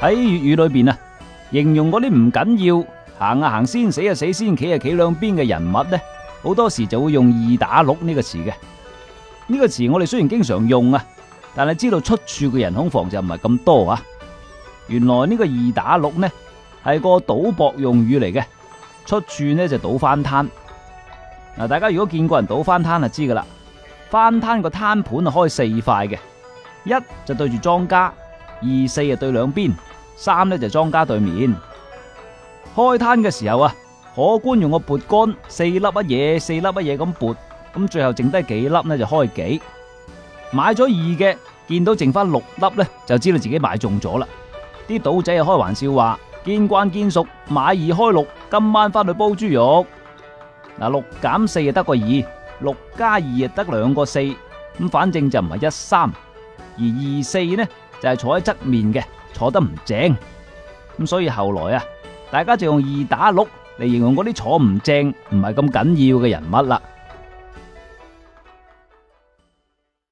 喺粵語裏邊啊，形容嗰啲唔緊要，行啊行先，死啊死先，企啊企兩邊嘅人物呢，好多時就會用二打六呢個詞嘅。呢個詞我哋雖然經常用啊，但係知道出處嘅人恐防就唔係咁多啊。原來呢個二打六呢係個賭博用語嚟嘅，出處呢就賭翻攤。嗱、啊，大家如果見過人賭翻攤就知噶啦，翻攤個攤盤啊開四塊嘅，一就對住莊家。二四就對兩邊，三咧就莊家對面。開攤嘅時候啊，荷官用個撥杆，四粒乜嘢，四粒乜嘢咁撥，咁最後剩低幾粒咧就開幾。買咗二嘅，見到剩翻六粒咧，就知道自己買中咗啦。啲賭仔啊開玩笑話見慣見熟買二開六，今晚翻去煲豬肉嗱六減四又得個二，六加二又得兩個四咁，反正就唔係一三而二四呢？就係坐喺側面嘅，坐得唔正，咁所以後來啊，大家就用二打六嚟形容嗰啲坐唔正，唔係咁緊要嘅人物啦。